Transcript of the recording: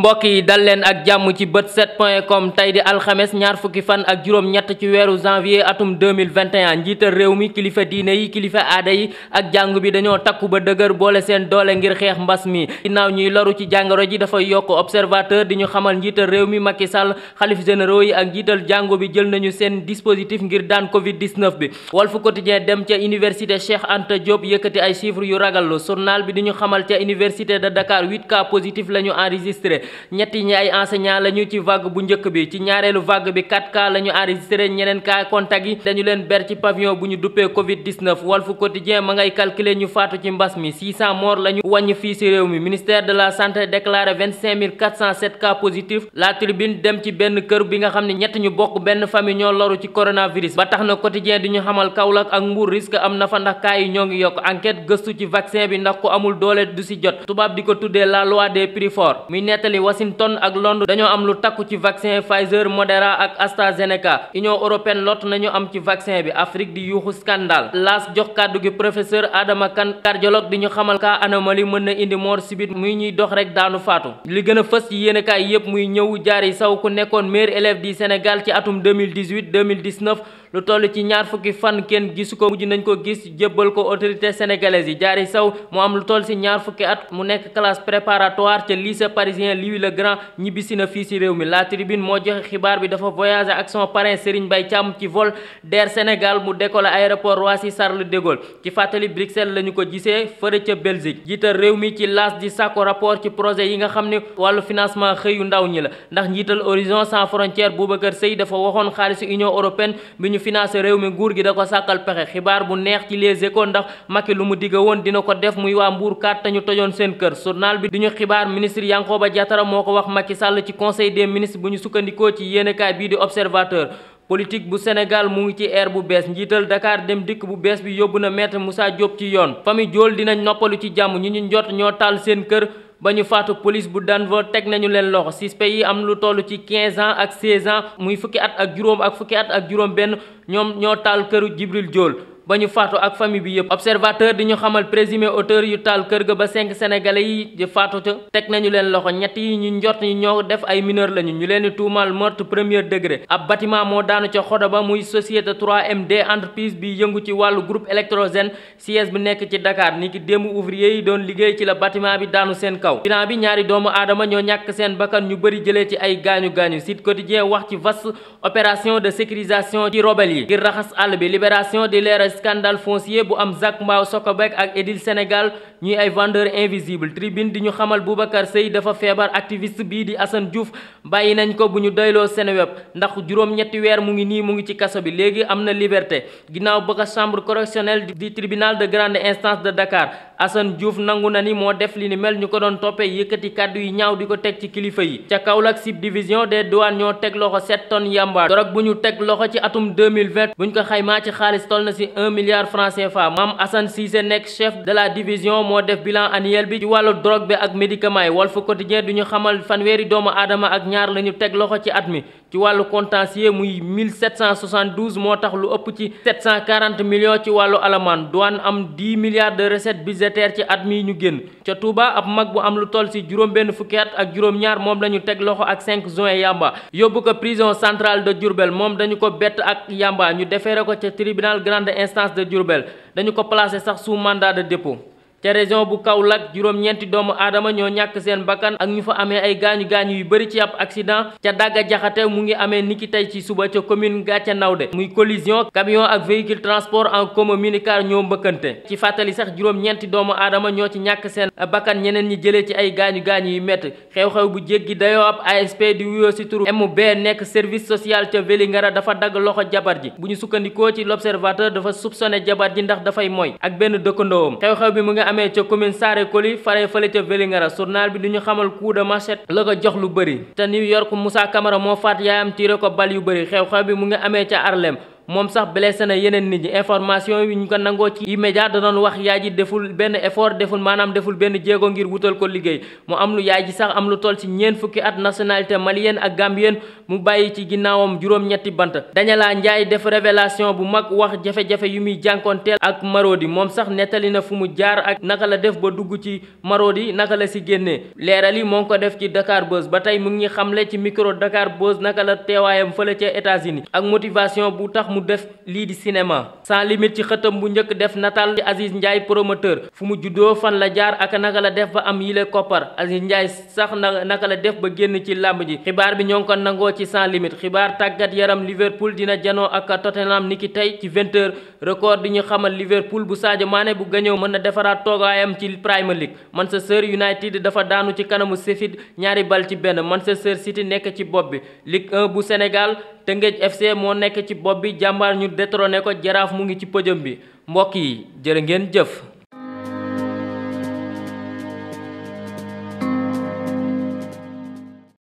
mbokk yi dal leen ak jàmm ci bët set point com tey di alxames ñaar fukki fan ak juróom-ñett ci weeru janvier atum 2021 njiital réew mi kilifa diine yi kilifa aada yi ak jàngu bi dañoo takku ba dëgër boole seen doole ngir xeex mbas mi naaw ñuy loru ci jàngoro ji dafay yokk observateur di ñu xamal njiital réew mi Macky Sall xalif généraux yi ak njiital jàngo bi jël nañu seen dispositif ngir daan covid 19 bi Walf Quotidien dem ca université Cheikh Anta Diop yëkkati ay chiffres yu ragallu journal bi di ñu xamal ca université de Dakar 8 cas la ñu enregistré ñett ñi ay enseignant lañu ci vague bu njëkk bi ci ñaareelu vague bi 4 cas la ñu enregistré ñeneen cas contact yi dañu leen ber ci pavillon bu ñu duppee Covid 19 Walf Quotidien ma ngay calculer ñu faatu ci mbas mi 600 morts la ñu wàññi fii si réew mi ministère de la santé déclaré 25 407 cas positifs la dem ci benn kër bi nga xam ne ñett ñu bokk benn famille ñoo loru ci coronavirus ba tax na Quotidien di ñu xamal Kaolack ak Mbour risque am na fa ndax yi ñoo ngi yokk enquête gëstu ci vaccin bi ndax ko amul doole du si jot tubaab di ko tuddee la loi des prix Washington ak Londres dañoo am lu takku ci vaccin Pfizer Moderna ak AstraZeneca Union européenne lot nañu am ci vaccin bi Afrique di yuuxu scandale laas jox kàddu gi professeur Adama Kane cardiologue di ñu xamal kaa anomalie mën na indi mort subite muy ñuy dox rek daanu faatu li gën a fës ci yéenekaay yépp muy ñëw jaari saw ku nekkoon meilleur élève di Sénégal ci atum lu toll ci ñaar fukki fan kenn gisu ko mujj nañ ko gis jébbal ko autorité sénégalaise yi jaari saw mu am lu toll ci ñaar fukki at mu nekk classe préparatoire ca lycée parisien Louis le Grand ñibbisi na fii ci réew mi la tribune moo joxe xibaar bi dafa voyager ak son parrain bay Mbaye Thiam ci vol d'Air Sénégal mu décolle aéroport Roissy Charles de Gaulle ci fàttali Bruxelles lañu ko gisee fëre ca Belgique jiital réew mi ci laas di sàkku rapport ci projet yi nga xam ne wàllu financement xëyu ndaw ñi la ndax njiital Horizon sans frontières Boubacar financé réew mi nguur gi da ko sàkkal pexe xibaar bu neex ci les échos ndax Macky lu mu digg woon dina ko def muy waa Mbour kat tañu tojoon seen kër journal bi duñu xibaar ministre Yankhoba Diattara moo ko wax Macky Sall ci conseil des ministres bu ñu sukkandikoo ci yéenekaay bii di observateur politique bu Sénégal mu ngi ci air bu bees njiital Dakar dem dikk bu bees bi yóbbu na maître Moussa Diop ci yoon famille Diol dinañ noppalu ci jàmm ñi ñu njot ba ñu faatu police bu Denver teg nañu leen loxo suspect yi am lu tollu ci 15 ans ak 16 ans muy fukki at ak juróom ak fukki at ak juróom benn ñoom ñoo taal këru Jibril Jool ba ñu faatu ak famille bi yëpp observateur di ñu xamal présumé auteur yu taal kër ga ba cinq sénégalais yi faatu ca teg nañu leen loxo ñett yi ñu njort ñu ñoo def ay mineur lañu ñu leen tuumaal meurtre premier degré ab bâtiment moo daanu ca xodo ba muy société 3MD entreprise bi yëngu ci wàllu groupe électrogène siège bi nekk ci Dakar ni ki démb ouvrier yi doon liggéey ci la bâtiment bi daanu seen kaw bilan bi ñaari doomu aadama ñoo ñàkk seen bakkan ñu bëri jëlee ci ay gaañu gaañu Sud Quotidien wax ci vaste opération de sécurisation ci robel scandale foncier bu am Zac Mbao Socobek ak Edil Sénégal ñuy ay vendeur invisible tribune di ñu xamal Boubacar Sèye dafa feebar activiste bii di Assane Diouf bàyyi nañ ko bu ñu doyloo Seneweb ndax juróom-ñetti weer mu ngi nii mu ngi ci kaso bi léegi am na liberté ginnaaw ba ko chambre correctionnelle du tribunal de grande instance de Dakar Assane Diouf nangu na ni moo def li ni mel ñu ko doon toppee yëkkati kàddu yi ñaaw di ko teg ci kilifa yi ca Kaolack sub division des douanes ñoo teg loxo sept tonnes yamba dorog bu ñu teg loxo ci atum 2020 buñ ko xaymaa ci xaalis toll na si un milliard franc CFA maam Assane Cissé nekk chef de la division moo def bilan annuel bi ci wàllu drogue bi ak médicament yi Walf Quotidien du ñu xamal fanweeri doomu aadama ak ñaar lañu ñu teg loxo ci at mi ci wàllu contentieux muy mille 1772 moo tax lu ëpp ci cent quarante million ci wàllu alamaan douane am 10 milliards de recettes budgétaires ci at mii ñu génn ca Touba ab mag bu am lu toll si juróom benn fukki ak juróom-ñaar moom lañu teg loxo ak cinq juin yamba yóbbu ko prison centrale de Diourbel moom dañu ko bett ak yamba ñu defeere ko ca tribunal grande instance de Diourbel dañu ko placé sax sous mandat de dépôt ca région bu kaw Kaolack juróom-ñeenti doomu aadama ñoo ñàkk seen bakkan ak ñu fa amee ay gaañu gaañu yu bëri ci ab accident ca Daga Jaxate mu ngi amee niki tey ci suba ca commune Gathia de muy collision camion ak véhicule transport en commun minicar ñoo mbëkkante ci fàttali sax juróom-ñeenti doomu aadama ñoo ci ñàkk seen bakkan ñeneen ñi jëlee ci ay gaañu gaañu yu métti xew-xew bu jéggi dayoo ab ASP di wuyoo si turu MB nekk service social ca Vélingara dafa dagg loxo jabar ji bu ñu sukkandikoo ci l'observateur dafa soupçonné jabar ji ndax dafay mooy ak benn dëkkandoowam amee ca commune Sarekoli faree fële ca Vélingara journal bi duñu xamal coup de machette la ko jox lu bëri te New York Moussa Camara moo faat yaayam tiire ko bal yu bëri xew-xew bi mu ngi amee ca Harlem moom sax blessé na yeneen nit ñi information yi ñu ko nangoo ci immédiat da wax yaay ji deful benn effort deful maanaam deful benn jéego ngir wutal ko liggéey mu am lu yaay ji sax am lu tool ci ñeent fukki at nationalité malienne ak gambien mu bàyyi ci ginnaawam juróom-ñetti bant la Njaay def révélation bu mag wax jafe-jafe yu muy jànkonteel ak Marodi moom sax nettali na fu mu jaar ak naka la def ba dugg ci Marodi naka la si génnee leeral yi moo ngi ko def ci Dakar Buzz ba tey mu ngi xamle ci micro Dakar Buzz naka la teewaayam fële ca États-Unis ak motivation mu def lii di cinéma sans limite ci xëtam bu njëkk def nataal ci Aziz Ndiaye promoteur fu mu juddoo fan la jaar ak naka la def ba am yile koppar Aziz Ndiaye sax na naka la def ba génn ci làmb ji xibaar bi ñoo ngi ko nangoo ci san limite xibaar tàggat yaram Liverpool dina janoo ak Tottenham niki tey ci 20h record di ñu xamal Liverpool bu Sadio maane bu gañëw mën na defaraat toogaayam ci Premier League Manchester United dafa daanu ci kanamu Sheffield ñaari bal ci benn Manchester City nekk ci nekk ci bopp bi jàmbaar ñu détrôné ko jaraaf mu ngi ci podium bi mbokk yi jërë ngeen jëf